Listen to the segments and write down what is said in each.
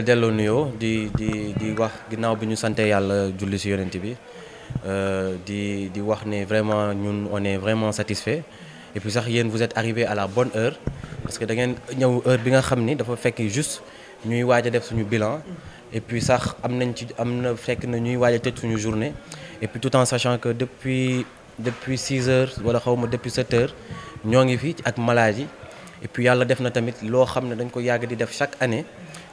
la delloo nuyoo di di di wax ginnaaw bi ñu sante yàlla julli ci yonent bi euh, di di wax ne vraiment ñun on vraiment satisfait et puis sax yéen vous êtes arrivé à la bonne heure parce que dangeen ngeen ñëw heure bi nga xam ni dafa fekk juste ñuy waaja def suñu bilan et puis sax am nañ ci am na fekk na ñuy waaj a tëj suñu journée et puis tout en sachant que depuis depuis heures wala xaw ma depuis 7 heures ñoo ngi fi ak malade yi et yàlla def na tamit loo xam ne dañ ko yàgg di def chaque année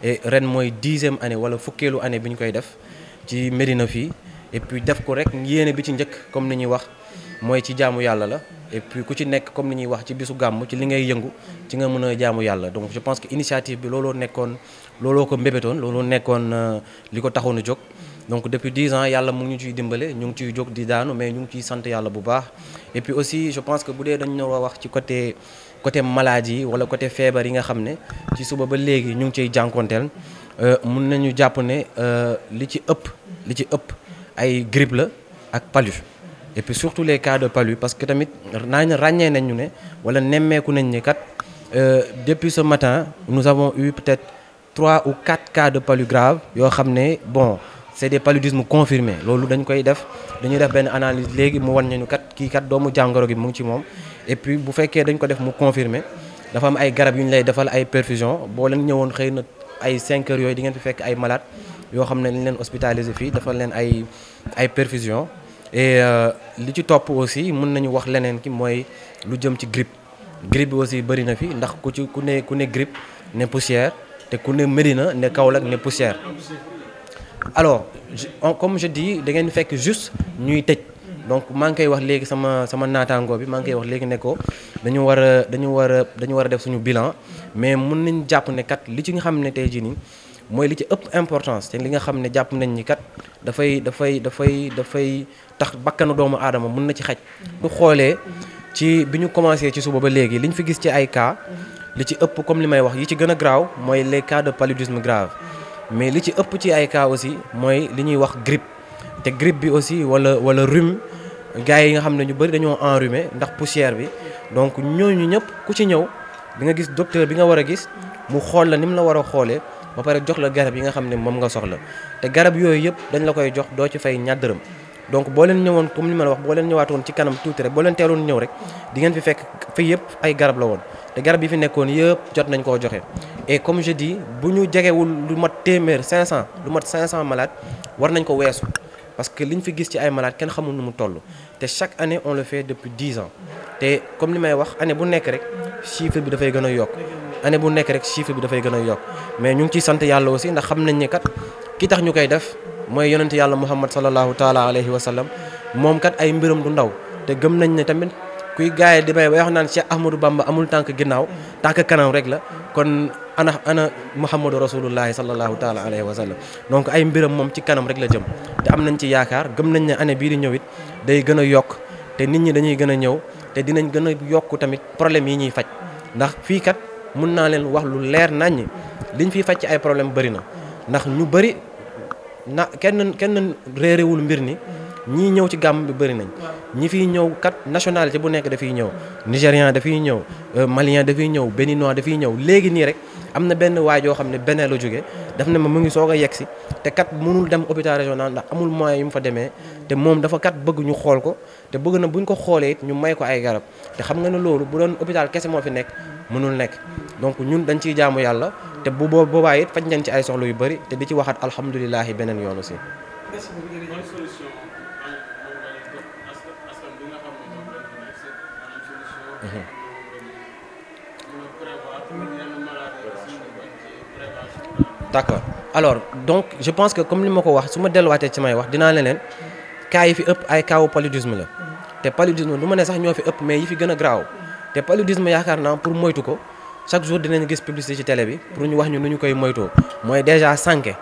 et ren mooy dixième année wala fukkeelu année bi ñu koy def ci Médina fii et def ko rek yéene bi ci njëkk comme ni ñuy wax mooy ci jaamu yàlla la et puis ku ci nekk comme ni ñuy wax ci bisu gàmm ci li ngay yëngu ci nga mën a jaamu yàlla donc je pense que initiative bi looloo nekkoon looloo ko mbébétoon looloo nekkoon euh, li ko taxoon a jóg donc depuis dix ans yàlla mu ngi ñu ciy dimbale ñu ngi ciy jóg di daanu mais ñu ngi ciy sant yàlla bu baax et aussi je pense que bu dee dañu war côté maladie wala côté feebar yi nga xam ne ci suba ba léegi ñu ngi ciy jànkonteel euh, mun nañu jàpp ne euh, li ci ëpp li ci ëpp ay grippe la ak palu et puis surtout les cas de palu parce que tamit naa ràññee nañ ñu ne wala nemmeeku nañ ne kat euh, depuis ce matin nous avons eu peut-être trois ou quatre cas de palu grave yoo xam ne bon c'est des paludismes confirmés loolu dañ koy def dañu def benn analyse léegi mu wan ñu kat kii kat doomu jàngoro gi mu ngi ci moom et puis bu fekkee dañ ko def mu confirmer dafa am ay garab yu ñu lay defal ay perfusion boo leen ñëwoon xëy na ay 5 yooyu di ngeen fi fekk ay malade yoo xam ne dañ leen hospitalisé fii dafa leen ay ay perfusion et euh, li ci topp aussi mun nañu wax leneen ki mooy lu jëm ci grippe grippe bi aussi bëri na fi ndax ku ci ku ne ku ne grippe ne poussière te ku ne Médina ne Kaolack ne poussière alors je, comme je dis da fekk juste ñuy tëj donc maa ngi koy wax léegi sama sama naataangoo bi maa ngi koy wax léegi ne ko dañu war a dañu war a war a def suñu bilan mais mun nañ jàpp ne kat li ci nga xam ne tey jii nii mooy li ci ëpp importance te li nga xam ne jàpp nañ ni kat dafay dafay dafay dafay tax bakkanu doomu aadama mun na ci xaj. bu xoolee ci bi ñu commencé ci suba ba léegi li ñu fi gis ci ay cas li ci ëpp comme li may wax yi ci gën a graaw mooy les cas de paludisme grave mais li ci ëpp ci ay kaa aussi mooy li wax grippe te grippe bi aussi wala wala rhume. gars yi nga xam ne ñu bëri dañoo enrhumé ndax poussière bi donc ñooñu ñëpp ku ci ñëw di nga gis docteur bi nga war a gis mu xool la ni mu la war a xoolee ba pare jox la garab yi nga xam ne moom nga soxla te garab yooyu yëpp dañ la koy jox doo ci fay ñaar dërëm donc boo leen ñëwoon comme li ma la wax boo leen ñëwaatoon ci kanam tuuti rek boo leen teeloon ñëw rek di ngeen fi fekk fii yëpp ay garab la woon te garab yi fi nekkoon yëpp jot nañ koo joxe et comme je bu ñu jegewul lu mat téeméer 500 lu mat 500 malades war nañ ko weesu parce que liñ fi gis ci ay malades kenn xamul nu mu toll te chaque année on le fait depuis dix ans te comme li may wax année bu nekk rek chiffre bi dafay gën a yokk année bu nekk rek chiffre bi dafay gën a yokk mais ñu ngi ciy sant yàlla aussi ndax xam nañ ne kat ki tax ñu koy def mooy yonent yàlla muhammad sallallahu taala alayhi wa sallam moom kat ay mbiram du ndaw te gëm nañ ne tamit. kuy gaay di may ba wax naan Cheikh Ahmadou Bamba amul tànk ginnaaw tànk kanam rek la kon ana ana Muhammadu rasulullahi sallallahu taala alayhi wa sallam donc ay mbiram moom ci kanam rek la jëm te am nañ ci yaakaar gëm nañ ne année bii di ñëw it day gën a yokk te nit ñi dañuy gën a ñëw te dinañ gën a yokk tamit problème yi ñuy faj ndax fii kat mun naa leen wax lu leer naññ liñ fiy faj ci ay problème bëri na ndax ñu bëri na kenn kenn réerewul mbir ni ñii ñëw ci gàmm bi bëri nañ ñi fi ñëw kat nationalité bu nekk dafiy ñëw nigérian dafiy ñëw euh, malien dafiy ñëw béninois dafay ñëw léegi nii rek am na benn waay yoo xam ne beneen la jógee daf ne ma mu ngi soog a yegg si te kat mënul dem hôpital régional ndax amul moyen yu mu fa demee te moom dafa kat bëgg ñu xool ko te bëgg na buñ ko xoolee it ñu may ko ay garab te xam nga ne loolu bu doon hôpital kese moo fi nekk mënul nekk donc ñun dañ ciy jaamu yàlla te bu boobaa it faj nañ ci ay soxla yu bëri te di ci waxaat alhamdulilah beneen yoon aussi Mhm. d'accord alors donc je pense que comme li ma ko wax su ma delluwaatee ci may wax dinaa leneen leen cas yi fi ëpp ay kaawu paludisme la te paludisme du ma ne sax ñoo fi ëpp mais yi fi gën a graaw te paludisme yaakaar naa pour moytu ko chaque jour dinañ gis publicité ci tele bi pour ñu wax ñu lu ñu koy moytoo mooy déjà sànke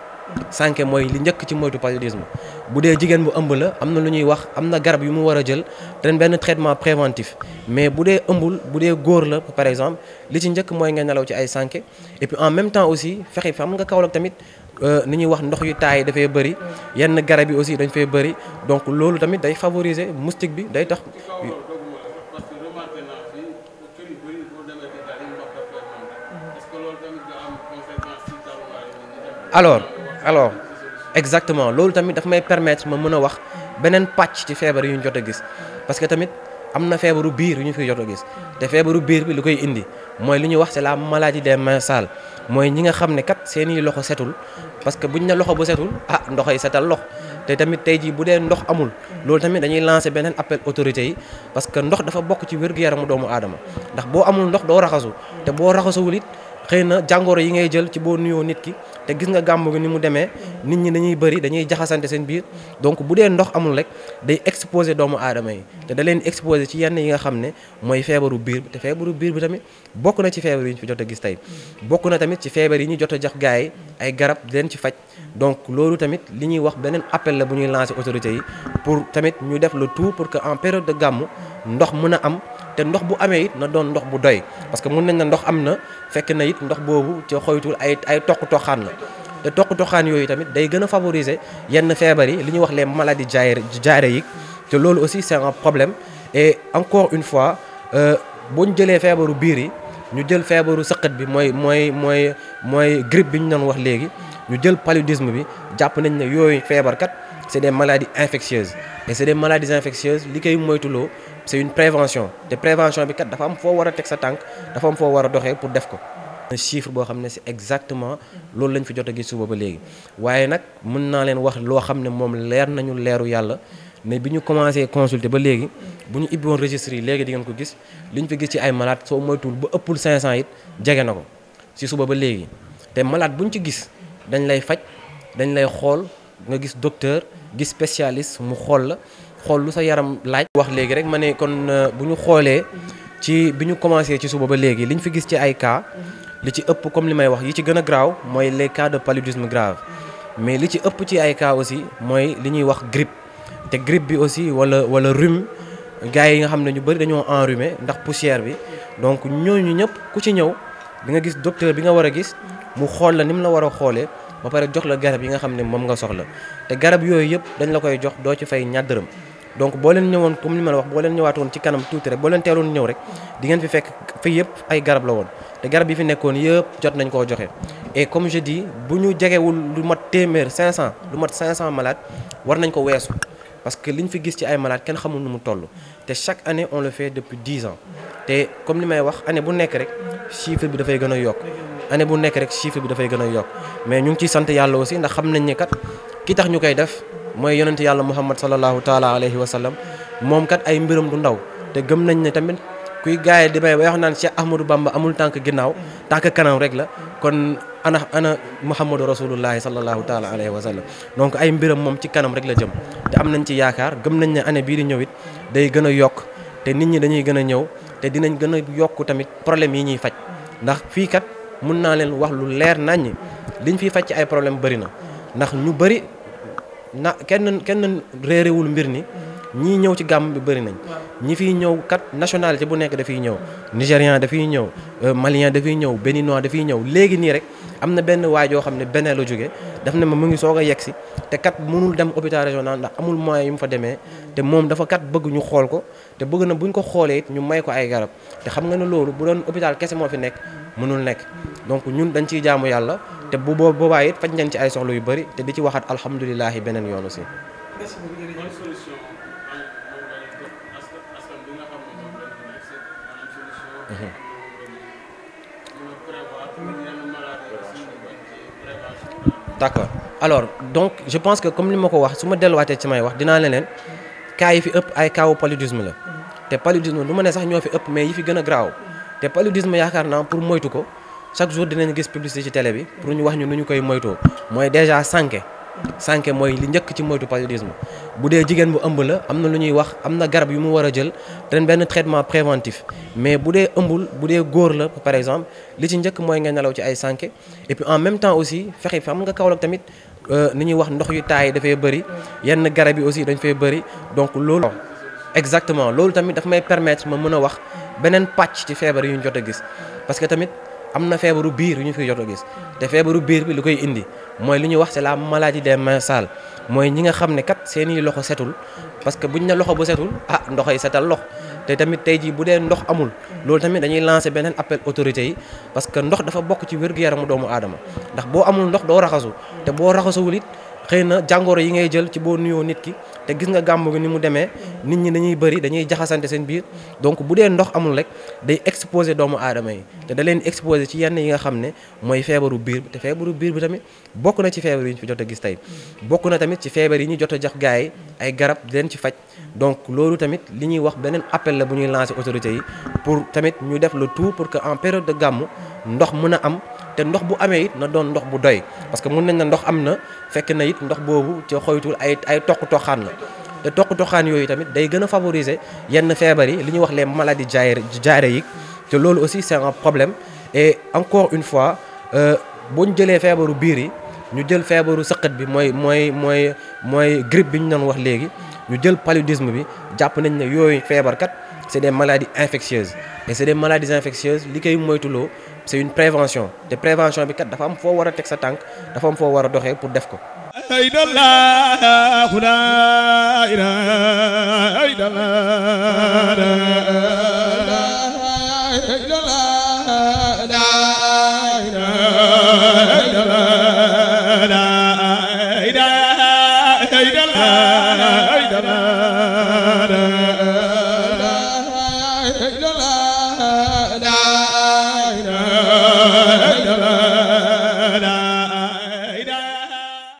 sànke mooy li njëkk ci moytu paludisme bu dee jigéen bu ëmb la am na lu ñuy wax am na garab yu mu war a jël ren benn traitement préventif mais bu dee ëmbul bu dee góor la par exemple li ci njëkk mooy nga nelaw ci ay sànke et puis en même temps aussi fexe xam nga Kaolack tamit euh, ni ñuy wax ndox yu taay dafay bëri yenn garab yi aussi dañ fay bëri donc loolu tamit day favoriser moustique bi day tax alors alors exactement loolu tamit daf may permettre ma mën a wax beneen pàcc ci feebar yu ñu jot a gis parce que tamit am na feebaru biir yu ñu fi jot a gis te feebaru biir bi lu koy indi mooy li ñuy wax c'est la maladie des mains sales mooy ñi nga xam ne kat seeni loxo setul parce que buñ ne loxo bu setul ah ndoxoy setal lox te tamit tey jii bu dee ndox amul loolu tamit dañuy lancer beneen appel autorité yi parce que ndox dafa bokk ci wér-gu-yaramu doomu aadama ndax boo amul ndox doo raxasu xëy na jàngoro yi ngay jël ci boo nuyoo nit ki te gis nga gàmmu gi ni mu demee nit ñi dañuy bëri dañuy jaxasante seen biir donc bu dee ndox amul rek day exposé doomu aadama yi da leen exposé ci yenn yi nga xam ne mooy feebaru biir te feebaru biir bi tamit bokk na ci feebar yi ñu fi jot a gis tey bokk na tamit ci feebar yi ñu jot a jox gars yi ay garab di ci faj donc loolu tamit li ñuy wax beneen appel bu ñuy lancé autorités yi pour tamit ñu def le tout pour que en période de gàmmu ndox mën a am te ndox bu amee it na doon ndox bu doy parce que mun nañ na ndox am na fekk na it ndox boobu ca xoytul ay ay toq toxaan la te toq toxaan yooyu tamit day gën a favoriser yenn feebar yi li ñuy wax leen les jaare yi te loolu aussi c'est un problème et encore une fois euh, bu ñu jëlee feebaru biir yi ñu jël feebaru sëqët bi mooy mooy mooy mooy grippe bi ñu doon wax léegi ñu jël paludisme bi jàpp nañ ne yooyu feebarkat c'est des maladies infectieuses et c'est des maladies infectieuses li koy moytuloo c'est une prévention te prévention bi kat dafa am foo war a teg sa tànk dafa am foo war a doxee pour def ko chiffre boo xam ne si exactement loolu lañ fi jot a gis suba ba léegi waaye nag mën naa leen wax loo xam ne moom leer nañu leeru yàlla mais bi ñu commencé consulter ba léegi bu ñu ibboon registre yi léegi di ngeen ko gis li ñu fi gis ci ay malade soo moytuwul ba ëppul 500 it jege na ko si suba ba léegi te malade bu ñu ci gis dañ lay faj dañ lay xool nga gis docteur gis spécialiste mu xool la xool lu sa yaram laaj. wax léegi rek ma ne kon euh, bu ñu xoolee ci bi ñu commencé ci suba ba léegi li ñu fi gis ci ay cas li ci ëpp comme li may wax yi ci gën a graaw mooy les cas de paludisme grave mais li ci ëpp ci ay kaa aussi mooy li ñuy wax grippe te grippe bi aussi wala wala rhume gars yi nga xam ne ñu bëri dañoo enrhumé ndax poussière bi donc ñooñu ñëpp ku ci ñëw di nga gis docteur bi nga war a gis mu xool la ni mu la war a xoolee. ba pare jox la garab yi nga xam ne moom nga soxla te garab yooyu yëpp dañ la koy jox doo ci fay ñaar dërëm donc boo leen ñëwoon comme li ma la wax boo leen ñëwaatoon la woon te garab yi fi nekkoon yëpp jot nañ koo joxe et comme je dis bu ñu jegewul lu mat téeméer 500 lu mat 500 malades war nañ ko li ñu fi gis ci ay malades kenn xamul nu mu toll te chaque année on le fait depuis 10 may wax année bu nekk rek chiffre bi dafay gën a yokk année bu nekk rek chiffre bi dafay gën yokk mais ñu ngi ciy sant yàlla aussi ndax xam nañ ne kat ki tax ñu koy def mooy yonent yàlla muhammad sallallahu taala alayhi wa sallam moom kat ay mbiram du ndaw te gëm nañ ne tamit kuy gaay di may wax naan Cheikh Ahmadou Bamba amul tànk ginnaaw tànk kanam rek la kon ana ana muhammadu rasulullahi sallallahu taala alayhi wa sallam donc ay mbiram moom ci kanam rek la jëm te am nañ ci yaakaar gëm nañ ne année bii di ñëw it day gën a yokk te nit ñi dañuy gën a ñëw te dinañ gën a yokk tamit problème yi ñuy faj ndax fii kat mun naa leen wax lu leer naññ liñ fi faj ci ay problème bëri na ndax ñu bëri na kenn kenn réerewul mbir ni ñii ñëw ci gàmm bi bëri nañ ñi fi ñëw kat nationalité bu nekk dafiy ñëw nigérian dafiy ñëw euh, malien dafiy ñëw béninois dafiy ñëw léegi nii rek am na benn waay yoo xam ne benn la jógee daf ma mu ngi soog a yegg si te kat mënul dem hôpital régional ndax amul moyen yu mu fa demee mm. te moom dafa kat bëgg ñu xool ko te bëgg na bu ñu ko xoolee ñu may ko ay garab te xam nga ne loolu bu doon hôpital kese moo fi nekk mm. mënul nekk mm. donc ñun dañ ciy jaamu yàlla te bu boobaa it faj nañ ci ay soxla yu bari te di ci waxaat alhamdulilahi beneen yoonu aussi. d'accord alors donc je pense que comme li ma ko wax su ma delluwaatee ci may wax dinaa leneen leen cas yi fi ëpp ay cas paludisme la mhm. te paludisme du ne sax ñoo fi ëpp mais yi fi gën a graaw te paludisme yaakaar naa pour moytu ko. chaque jour dinañu gis publicité ci télé bi pour ñu wax ñu nu ñu koy moytoo mooy déjà sànke sànke mooy li njëkk ci moytu paludisme bu dee jigéen bu ëmb la am na lu ñuy wax am na garab yu mu war a jël ren benn traitement préventif mais bu dee ëmbul bu dee góor la par exemple li ci njëkk mooy nga nelaw ci ay sànke et puis en même temps aussi fexe xam nga Kaolack tamit euh, ni ñuy wax ndox yu taay dafay bëri yenn garab yi aussi dañ fay bëri donc loolu exactement loolu tamit daf may permettre ma mën a wax beneen pàcc ci feebar yu ñu jot a gis am na feebaru biir yu ñu fi jot a gis te feebaru biir bi lu koy indi mooy lu ñu wax c'est la maladie des mains sales mooy ñi nga xam ne kat seeni loxo setul parce que ñu ne loxo bu setul ah ndoxoy setal lox te tamit tey jii bu dee ndox amul loolu tamit dañuy lancer beneen appel autorité yi parce que ndox dafa bokk ci wér-gu-yaramu doomu aadama ndax boo amul ndox doo raxasu te boo raxasuwul it xëy na jàngoro yi ngay jël ci boo nuyoo nit ki te gis nga gàmmu gi ni mu demee nit ñi dañuy bëri dañuy jaxasante seen biir donc bu dee ndox amul rek day exposé doomu aadama yi da leen exposé ci yenn yi nga xam ne mooy feebaru biir te feebaru biir bi tamit bokk na ci feebar yi ñu fi jot a gis tey bokk na tamit ci feebar yi ñu jot a jox gars yi ay garab di ci faj donc loolu tamit li ñuy wax beneen appel bu ñuy lancé autorités yi pour tamit ñu def le tout pour que en période de gàmmu ndox mën a am te ndox bu amee it na doon ndox bu doy parce que mun nañ na ndox am na fekk na it ndox boobu ca xoytul ay ay toq toxaan la te toq toxaan yooyu tamit day gën a favoriser yenn feebar yi li ñuy wax leen les jaare yi te loolu aussi c'est un problème e encore une fois euh, bu ñu jëlee feebaru biir yi ñu jël feebaru sëqët bi mooy mooy mooy mooy grippe bi ñu doon wax léegi ñu jël paludisme bi jàpp nañ ne yooyu feebarkat c'est des maladies infectieuses et c'est des maladies li koy moytuloo c'est une prévention te prévention bi kat dafa am foo war a teg tànk dafa am foo war a doxee pour def ko. la